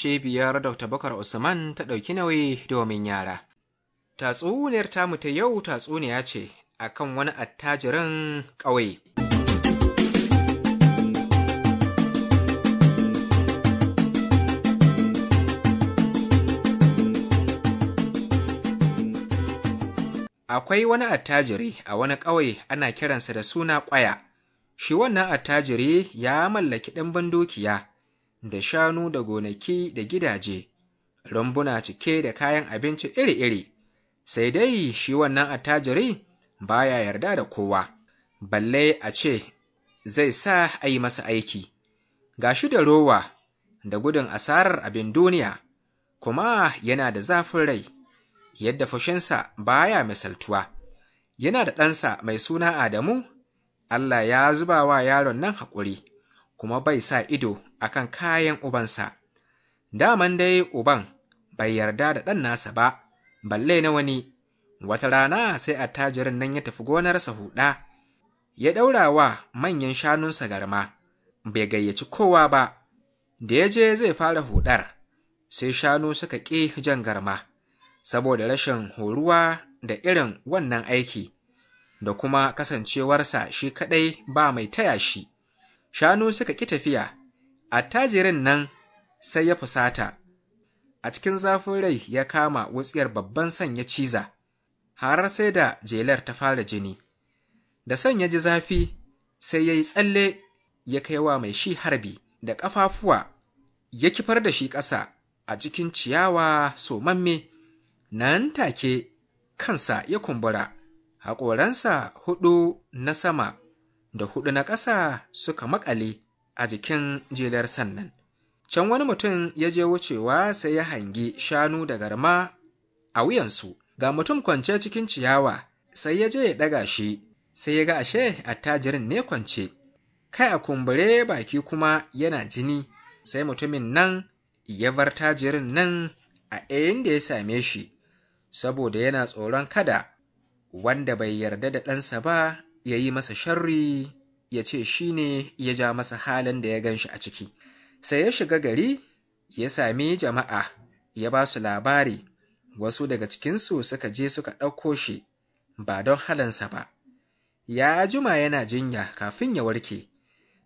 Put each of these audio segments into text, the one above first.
cibiyar dr bakar usman ta ɗauki nauyi domin yara tatsuniyar tamu ta yau tatsuniya ce a kan wani attajirin ƙauye akwai wani attajiri a wani ƙauye ana kiransa da suna ƙwaya shi wannan attajiri ya mallaki ɗimbin dukiya da shanu da gonaki da gidaje, rumbuna cike da kayan abinci iri-iri, sai dai shi wannan attajiri baya yarda da kowa, balle a ce zai sa a yi masa aiki, ga shi da rowa da gudun asarar abin duniya, kuma yana da zafin rai, yadda fushinsa baya misaltuwa. Yana da ɗansa mai suna Adamu, Allah ya zuba wa yaron nan haƙuri, kuma bai sa ido a kan kayan ubansa daman dai uban bai yarda da ɗan nasa ba balle na wani wata rana sai attajirin nan ya tafi gonarsa huɗa ya ɗaura wa manyan shanunsa garma bai gayyaci kowa ba da ya je zai fara huɗar sai shanu suka ƙi jan garma saboda rashin horuwa da irin wannan aiki da kuma kasancewarsa shi kaɗai ba mai taya shi shanu suka ƙi tafiya attajirin nan sai ya fusata, a cikin zafin rai ya kama wutsiyar babban sanya ya ciza, harar sai da jelar ta fara jini. Da son ya ji zafi sai ya yi tsalle ya kai wa mai shi harbi da ƙafafuwa ya kifar da shi ƙasa a cikin ciyawa somamme, nan take kansa ya kumbura, haƙoransa huɗu na sama da huɗu na ƙasa suka maƙale. a jikin jelar sannan can wani mutum ya je wucewa sai ya hangi shanu da garma a wuyansu ga mutum kwance cikin ciyawa sai ya je ya ɗaga shi sai ya ga ashe attajirin ne kwance kai a kumbure baki kuma yana jini sai mutumin nan ya bar tajirin nan a ɗayan da ya same shi saboda yana tsoron kada wanda bai yarda da ɗansa ba ya yi masa sharri ya ce shi ne ya ja masa halin da ya gan shi a ciki sai ya shiga gari ya sami jama'a ya ba su labari wasu daga cikinsu suka je suka ɗauko shi ba don halansa ba ya juma yana jinya kafin ya warke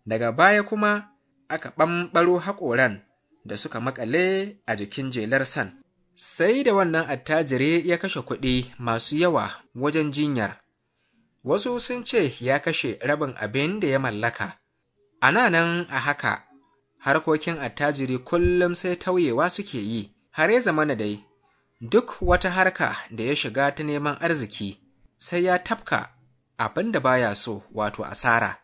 daga baya kuma aka ɓamɓaro haƙoran da suka makale a jikin jelar san sai da wannan attajiri ya kashe kuɗi masu yawa wajen jinyar wasu sun ce ya kashe rabin abin da ya mallaka ana nan a haka harkokin attajiri kullum sai tauyewa suke yi har ya na dai duk wata harka da ya shiga ta neman arziki sai ya tafka abin da baya so wato asara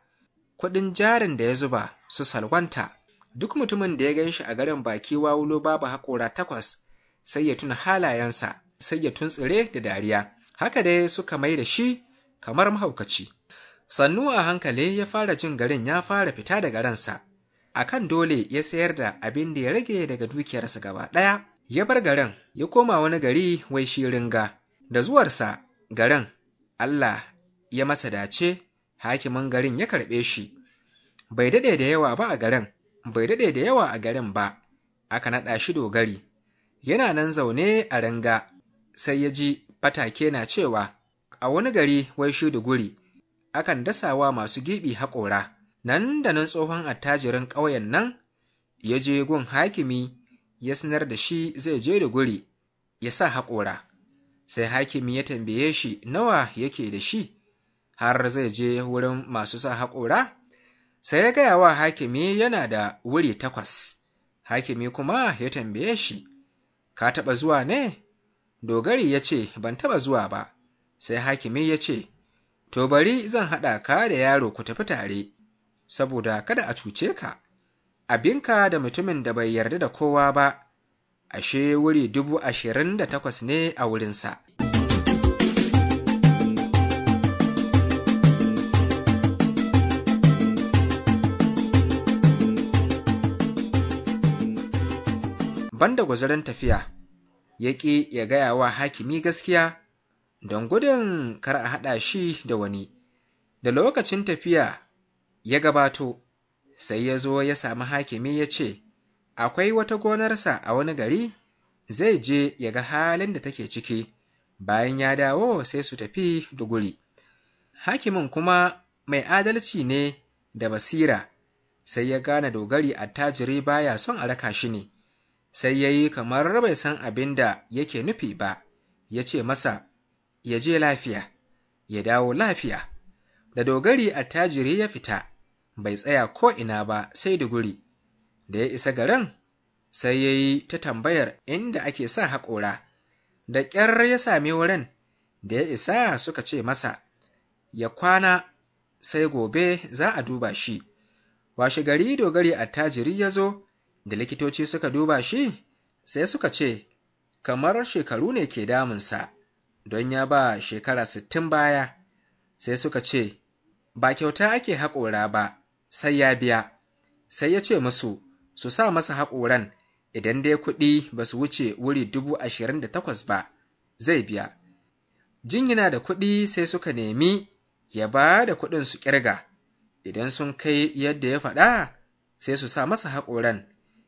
kuɗin jarin da ya zuba su salwanta duk mutumin da ya gan shi a garin baki wawulo babu haƙora takwas sai ya tuna halayensa sai ya tsire da dariya haka dai suka mai da shi kamar mahaukaci sannu a hankali ya fara jin garin ya fara fita daga ransa akan dole ya sayar da abin da ya rage daga dukiyarsa gaba ɗaya ya bar garin ya koma wani gari wai shi ringa da zuwarsa garin Allah ya masa dace hakimin garin ya karɓe shi bai daɗe da yawa ba a garin bai daɗe da yawa a garin ba aka naɗa shi dogari yana nan zaune a ringa. sai ya ji fatake na cewa a wani gari wai shi guri akan dasawa masu gibi haƙora nan da nan tsohon attajirin ƙauyen nan ya je gun hakimi ya sanar da shi zai je da guri ya sa haƙora sai hakimi ya tambaye shi nawa yake da shi har zai je wurin masu sa haƙora sai ya gaya wa hakimi yana da wuri takwas hakimi kuma ya tambaye shi ka taɓa zuwa ne dogari ya ce ban taɓa zuwa ba sai hakimi ya ce to bari zan haɗa ka da yaro ku tafi tare saboda kada a cuce ka abinka da mutumin da bai yarda da kowa ba ashe wuri dubu ashirin da takwas ne a wurinsa banda gwazarin tafiya ya ƙi ya gaya wa hakimi gaskiya don gudun kar a haɗa shi da wani da lokacin tafiya ya gabato sai ya zo ya sami hakimi ya ce akwai wata gonarsa a wani gari zai je ya ga halin da take ciki bayan ya dawo sai su tafi da guri hakimin kuma mai adalci ne da basira sai ya gane dogari a attajiri baya son a raka shi ne sai ya yi kamar bai san abin da yake nufi ba ya ce masa ya je lafiya ya dawo lafiya da dogari a tajiri ya fita bai tsaya ko ina ba sai da guri da ya isa garin sai ya yi ta tambayar inda ake sa haƙora da ƙyar ya sami wurin da ya isa suka ce masa ya kwana sai gobe za a duba shi washe gari dogari a tajiri ya zo da likitoci suka duba shi sai suka ce kamar shekaru ne ke damunsa don ya ba shekara sittin baya sai suka ce ba kyauta ake haƙora ba sai ya biya sai ya ce musu su sa masa haƙoran idan dai kuɗi ba su wuce wuri dubu ashirin da takwas ba zai biya jingina da kuɗi sai suka nemi ya ba da kuɗin su ƙirga idan sun kai yadda ya faɗa sai su sa masa haƙoran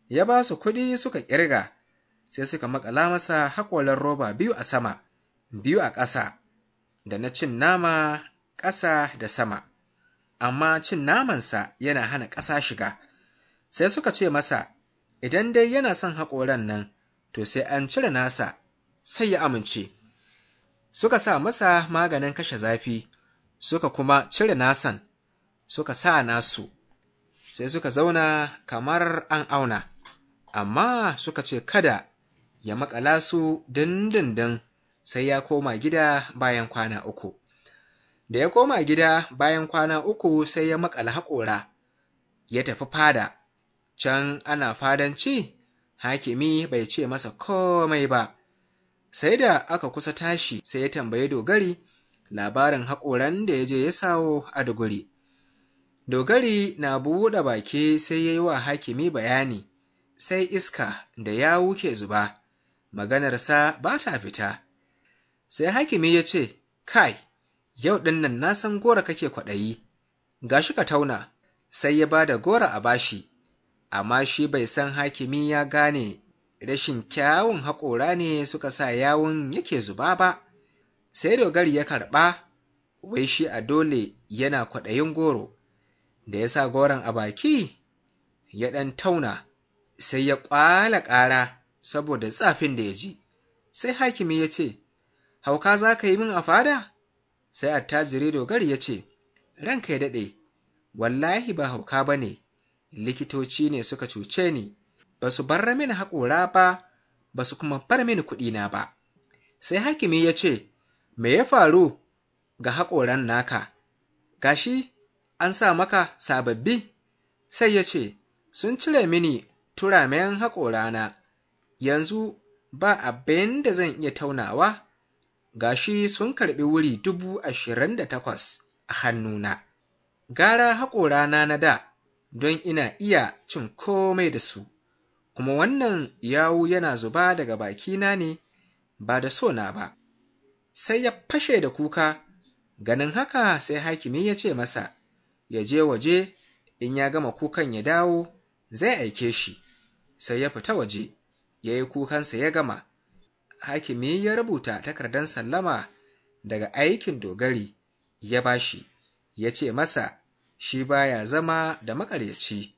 ya ba su kuɗi suka ƙirga sai suka maƙala masa haƙoran roba biyu a sama biyu a ƙasa da na cin nama ƙasa da sama, amma cin namansa yana hana ƙasa shiga. Sai suka ce masa, Idan dai yana son haƙoran nan, to sai an cire nasa, sai ya amince. Suka sa masa maganin kashe zafi, suka kuma cire nasan, suka sa nasu, sai suka zauna kamar an auna, amma suka ce kada ya makala su dindindin. sai ya koma gida bayan kwana uku. Da ya koma gida bayan kwana uku sai ya makala haƙora, ya tafi fada, can ana fadanci, hakimi bai ce masa komai ba. Sai da aka kusa tashi sai ya tambayi dogari labarin haƙoran da ya je ya sawo a duguri. Dogari na buɗe baki sai ya yi wa hakimi bayani, sai iska da ya wuke zuba, maganarsa ba ta fita. sai hakimi ya ce, Kai, yau ɗin nan na san gora kake kwaɗayi, ga shi ka tauna, sai ya ba da gora a bashi, amma shi bai san hakimi ya gane rashin kyawun haƙora ne suka sa yawun yake zuba ba, sai dogari ya karɓa, wai shi a dole yana kwaɗayin goro, da ya sa goron a baki, ya ɗan tauna, sai ya ƙwala ƙara saboda tsafin da ya ji, sai hakimi ya ce, hauka za ka yi min a fada sai attajiri dogari ya ce ranka ya daɗe wallahi ba hauka ba ne likitoci ne suka cuce ni ba su bar mini haƙora ba ba su kuma bar mini kuɗina ba sai hakimi ya ce me ya faru ga haƙoran naka gashi an sa maka sababbi sai ya ce sun cire mini turamen haƙorana yanzu ba abin da zan iya taunawa gashi sun karɓi wuri dubu ashirin da takwas a hannuna, gara haƙorana na da don ina iya cin komai da su, kuma wannan yawu yana zuba daga bakina ne ba da so na ba. Sai ya fashe da kuka, ganin haka sai hakimi ya ce masa, ya je waje in ya gama kukan ya dawo zai aike shi, sai ya fita waje, ya yi kukansa ya gama. hakimi ya rubuta takardar sallama daga aikin dogari ya bashi ya ce masa shi baya zama da makaryaci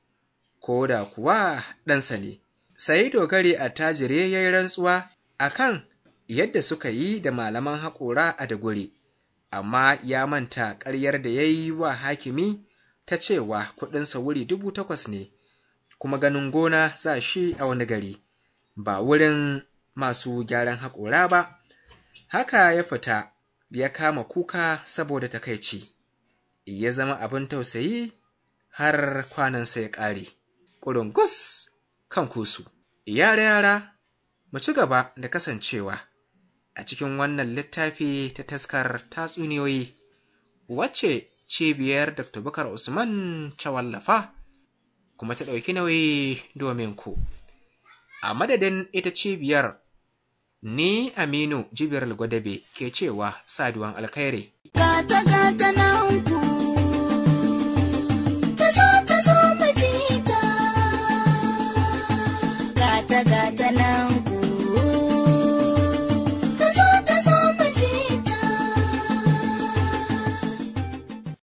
ko da kuwa ɗansa ne sai dogari a tajire ya yi rantsuwa A kan yadda suka yi da malaman haƙora a dagure amma ya manta ƙaryar da ya yi wa hakimi ta cewa kuɗinsa wuri dubu takwas ne kuma ganin gona za shi a wani gari ba wurin masu gyaran haƙora ba haka ya fita ya kama kuka saboda takaici ya zama abin tausayi har kwanansa ya ƙare ƙurungus kan kusu yara yara mu ci gaba da kasancewa a cikin wannan littafi ta taskar tatsuniyoyi wacce cibiyar dr bukar usman ta wallafa kuma ta ɗauki nauyi domin ku a madadin ita cibiyar Ni Aminu Jibiral Gwadabe ke cewa saduwan alkhairi. Gata gata na hunku.